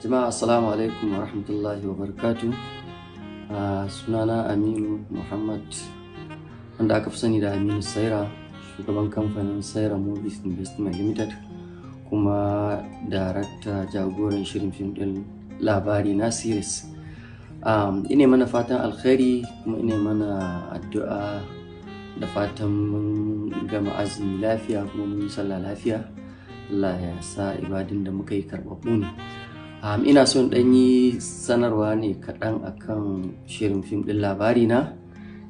jama'a assalamu alaikum wa rahmatullahi wa barakatu ah, sunana aminu muhammad wanda aka fi sani da aminu saira shugaban kamfanin saira movies investment limited kuma darakta jagoran shirin fim din labari na series um, ina mana fatan alkhairi kuma ina mana addu'a da fatan mun gama azumi lafiya kuma mun sallah lafiya Allah ya sa ibadin da muka yi karɓaɓɓu ne um, ina son ɗan yi sanarwa ne kaɗan akan shirin fim ɗin labari na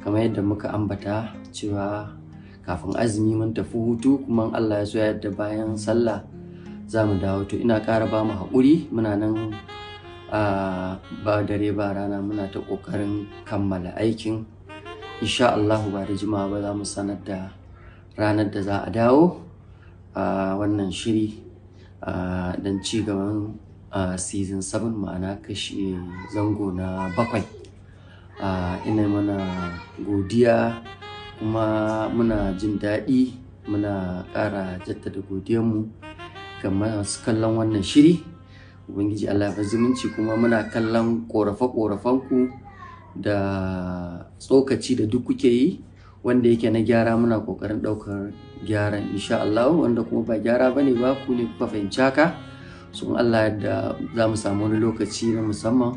kamar yadda muka ambata cewa kafin azumi mun tafi hutu kuma allah ya zuwa yadda bayan sallah za mu dawo to ina ƙara ba mu haƙuri muna nan ba dare ba rana muna ta ƙoƙarin kammala aikin insha allahu ba da jima ba za mu sanar da ranar da za a dawo a wannan shiri don ci gaban a season 7 ma'ana kashi zango na bakwai a ina mana godiya kuma muna jin daɗi muna ƙara jaddada godiyanmu ga masu kallon wannan shiri ubangiji allah ya zumunci kuma muna kallon ƙorafe-ƙorafenku da tsokaci da duk kuke yi wanda yake na gyara muna kokarin ɗaukar gyaran insha Allah wanda kuma ba gyara bane ba ku ne kuka fahimci haka sun Allah da za mu samu wani lokaci na musamman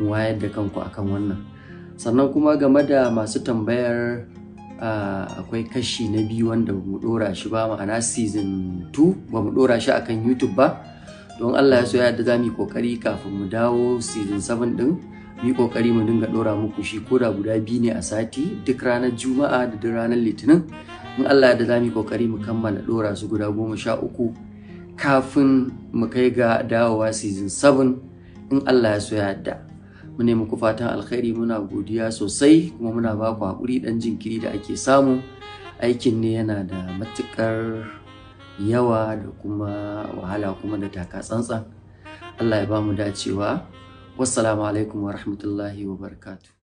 mu wayar da kanku akan wannan sannan kuma game da masu tambayar akwai kashi na biyu wanda mu dora shi ba ma'ana season 2 ba mu dora shi akan youtube ba don Allah ya so ya da za mu yi kokari kafin mu dawo season 7 din mu yi kokari mu dinga dora muku shi ko da guda biyu ne a sati duk ranar juma'a da duk ranar litinin in Allah ya da za mu yi kokari mu kammala dora su guda goma sha uku kafin mu kai ga dawowa season 7 in Allah ya so ya yadda. Mu ne muku fatan alkhairi muna godiya sosai kuma muna ba ku haƙuri ɗan jinkiri da ake samu. Aikin ne yana da matuƙar yawa da kuma wahala kuma da taka tsantsan. Allah ya ba mu dacewa. Wassalamu alaikum wa rahmatullahi wa barakatuh.